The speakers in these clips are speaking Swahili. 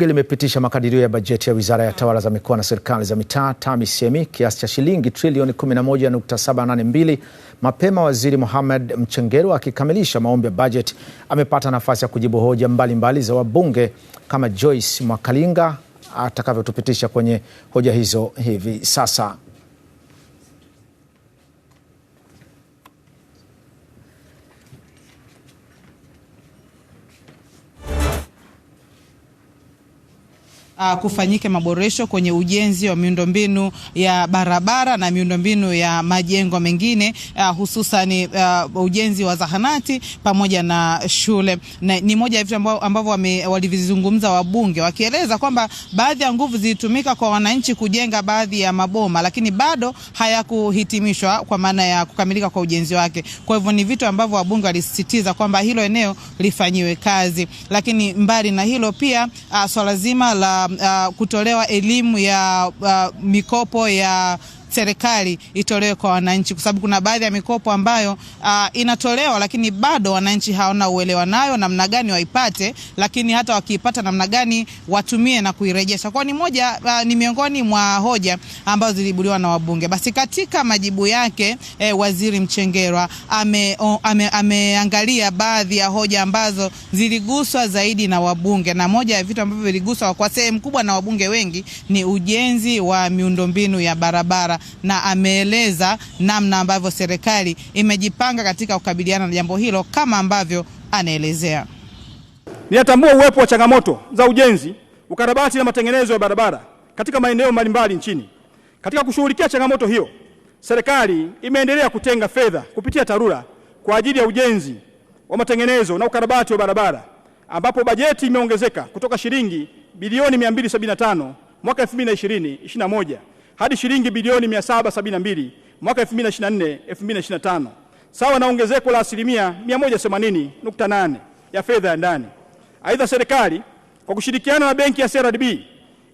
Bunge limepitisha makadirio ya bajeti ya Wizara ya Tawala za Mikoa na Serikali za Mitaa TAMISEMI kiasi cha shilingi trilioni 11.782. Mapema Waziri Mohamed Mchengerwa akikamilisha maombi ya bajeti amepata nafasi ya kujibu hoja mbalimbali mbali za wabunge kama Joyce Mwakalinga atakavyotupitisha kwenye hoja hizo hivi sasa. uh, kufanyike maboresho kwenye ujenzi wa miundombinu ya barabara na miundombinu ya majengo mengine uh, hususan uh, ujenzi wa zahanati pamoja na shule na, ni moja ya vitu ambavyo walivizungumza wabunge wakieleza kwamba baadhi ya nguvu zilitumika kwa wananchi kujenga baadhi ya maboma, lakini bado hayakuhitimishwa kwa maana ya kukamilika kwa ujenzi wake. Kwa hivyo ni vitu ambavyo wabunge walisisitiza kwamba hilo eneo lifanyiwe kazi, lakini mbali na hilo pia uh, swala zima la Um, uh, kutolewa elimu ya uh, mikopo ya serikali itolewe kwa wananchi, kwa sababu kuna baadhi ya mikopo ambayo uh, inatolewa lakini bado wananchi hawana uelewa nayo namna gani waipate, lakini hata wakiipata namna gani watumie na kuirejesha. Kwa ni moja uh, ni miongoni mwa hoja ambazo zilibuliwa na wabunge. Basi katika majibu yake eh, Waziri Mchengerwa ameangalia ame, ame baadhi ya hoja ambazo ziliguswa zaidi na wabunge, na moja ya vitu ambavyo viliguswa kwa sehemu kubwa na wabunge wengi ni ujenzi wa miundombinu ya barabara na ameeleza namna ambavyo serikali imejipanga katika kukabiliana na jambo hilo kama ambavyo anaelezea. Ninatambua uwepo wa changamoto za ujenzi, ukarabati na matengenezo ya barabara katika maeneo mbalimbali nchini. Katika kushughulikia changamoto hiyo, serikali imeendelea kutenga fedha kupitia TARURA kwa ajili ya ujenzi wa matengenezo na ukarabati wa barabara ambapo bajeti imeongezeka kutoka shilingi bilioni 275 mwaka 2020 21 hadi shilingi bilioni 772 mwaka 2024 2025, sawa na ongezeko la asilimia 180.8 ya fedha ya ndani. Aidha, serikali kwa kushirikiana na benki ya CRDB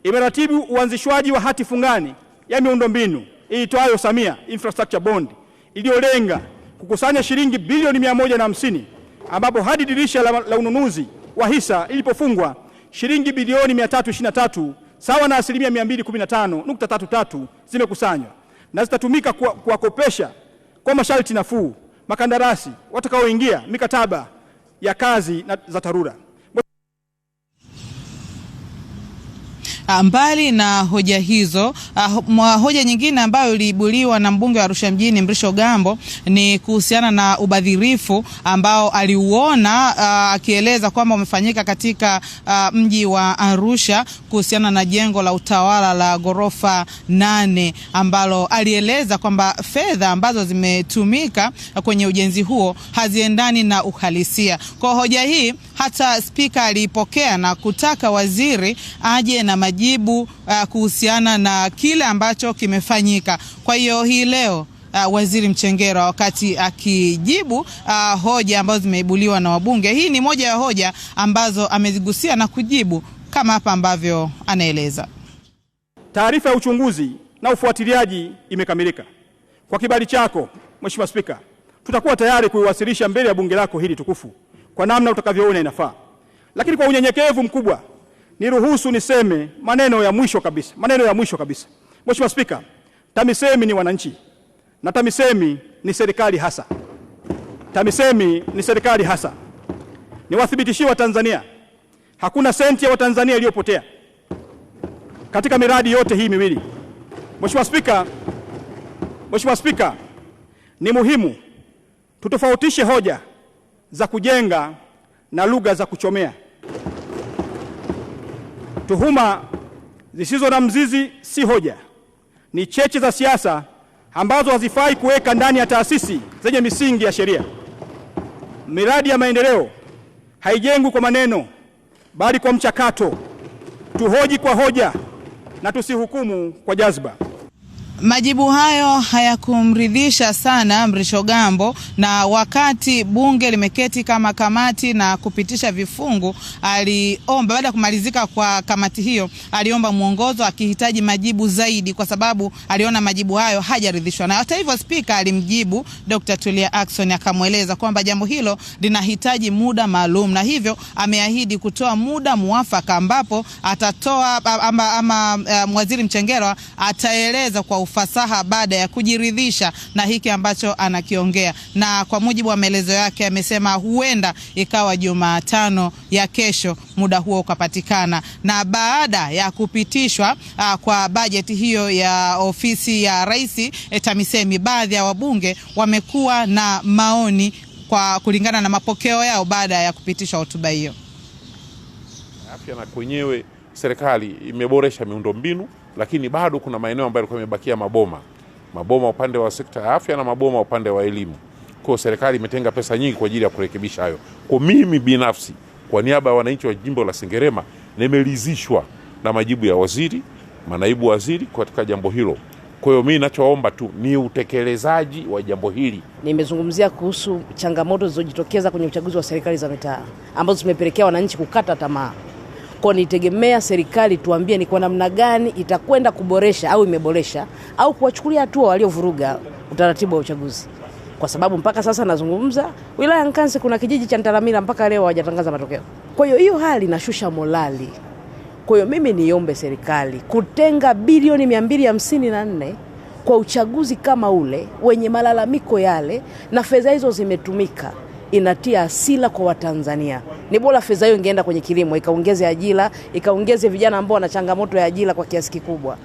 imeratibu uanzishwaji wa hati fungani ya miundombinu iitwayo Samia Infrastructure Bond iliyolenga kukusanya shilingi bilioni hamsini ambapo hadi dirisha la, la ununuzi wa hisa ilipofungwa shilingi bilioni 323 sawa na asilimia 215.33 zimekusanywa na zitatumika kuwakopesha kwa, kwa masharti nafuu makandarasi watakaoingia mikataba ya kazi za TARURA. Ah, mbali na hoja hizo, uh, hoja nyingine ambayo iliibuliwa na mbunge wa Arusha mjini Mrisho Gambo ni kuhusiana na ubadhirifu ambao aliuona ah, akieleza uh, kwamba umefanyika katika uh, mji wa Arusha kuhusiana na jengo la utawala la ghorofa nane ambalo alieleza kwamba fedha ambazo zimetumika kwenye ujenzi huo haziendani na uhalisia. Kwa hoja hii hata spika aliipokea na kutaka waziri aje na majibu uh, kuhusiana na kile ambacho kimefanyika. Kwa hiyo hii leo Uh, Waziri Mchengerwa wakati akijibu uh, hoja ambazo zimeibuliwa na wabunge. Hii ni moja ya hoja ambazo amezigusia na kujibu kama hapa ambavyo anaeleza. Taarifa ya uchunguzi na ufuatiliaji imekamilika. Kwa kibali chako Mheshimiwa Spika, tutakuwa tayari kuiwasilisha mbele ya bunge lako hili tukufu kwa namna utakavyoona inafaa. Lakini kwa unyenyekevu mkubwa niruhusu niseme maneno ya mwisho kabisa, maneno ya mwisho kabisa. Mheshimiwa Spika, TAMISEMI ni wananchi na TAMISEMI ni serikali hasa. TAMISEMI ni serikali hasa. Niwathibitishie Watanzania hakuna senti ya Watanzania iliyopotea katika miradi yote hii miwili. Mheshimiwa Spika, Mheshimiwa Spika, ni muhimu tutofautishe hoja za kujenga na lugha za kuchomea, tuhuma zisizo na mzizi, si hoja, ni cheche za siasa ambazo hazifai kuweka ndani ya taasisi zenye misingi ya sheria. Miradi ya maendeleo haijengwi kwa maneno, bali kwa mchakato. Tuhoji kwa hoja na tusihukumu kwa jazba. Majibu hayo hayakumridhisha sana mrisho gambo na wakati bunge limeketi kama kamati na kupitisha vifungu, aliomba baada ya kumalizika kwa kamati hiyo, aliomba mwongozo akihitaji majibu zaidi, kwa sababu aliona majibu hayo hajaridhishwa nayo. Hata hivyo, spika alimjibu Dr. Tulia Ackson akamweleza kwamba jambo hilo linahitaji muda maalum, na hivyo ameahidi kutoa muda muafaka ambapo atatoa ama, ama, ama, eh, waziri Mchengerwa ataeleza kwa ufasaha baada ya kujiridhisha na hiki ambacho anakiongea, na kwa mujibu wa maelezo yake amesema huenda ikawa Jumatano ya kesho muda huo ukapatikana, na baada ya kupitishwa a, ah, kwa bajeti hiyo ya ofisi ya rais eh, TAMISEMI, baadhi ya wabunge wamekuwa na maoni kwa kulingana na mapokeo yao baada ya kupitishwa hotuba hiyo. Afya na kwenyewe serikali imeboresha miundombinu lakini bado kuna maeneo ambayo yalikuwa yamebakia maboma, maboma upande wa sekta ya afya na maboma upande wa elimu. Kwa serikali imetenga pesa nyingi kwa ajili ya kurekebisha hayo. Kwa mimi binafsi, kwa niaba ya wananchi wa jimbo la Sengerema, nimeridhishwa na majibu ya waziri, manaibu waziri katika jambo hilo. Kwa hiyo mimi ninachoomba tu ni utekelezaji wa jambo hili. Nimezungumzia kuhusu changamoto zilizojitokeza kwenye uchaguzi wa serikali za mitaa ambazo zimepelekea wananchi kukata tamaa kwa nitegemea serikali tuambie ni kwa namna gani itakwenda kuboresha au imeboresha au kuwachukulia hatua waliovuruga utaratibu wa uchaguzi, kwa sababu mpaka sasa nazungumza, wilaya nkansi kuna kijiji cha Ntaramila mpaka leo hawajatangaza matokeo. Kwa hiyo hiyo hali inashusha morali. Kwa hiyo mimi niombe serikali kutenga bilioni nne kwa uchaguzi kama ule wenye malalamiko yale, na fedha hizo zimetumika inatia asila kwa Watanzania. Ni bora fedha hiyo ingeenda kwenye kilimo, ikaongeze ajira, ikaongeze vijana ambao wana changamoto ya ajira kwa kiasi kikubwa.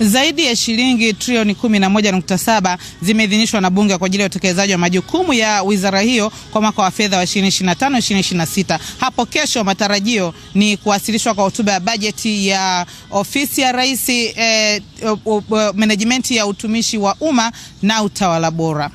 Zaidi ya shilingi trilioni 11.7 zimeidhinishwa na bunge kwa ajili ya utekelezaji wa majukumu ya wizara hiyo kwa mwaka wa fedha wa 2025 2026. Hapo kesho matarajio ni kuwasilishwa kwa hotuba ya bajeti ya ofisi ya rais, eh, management ya utumishi wa umma na utawala bora.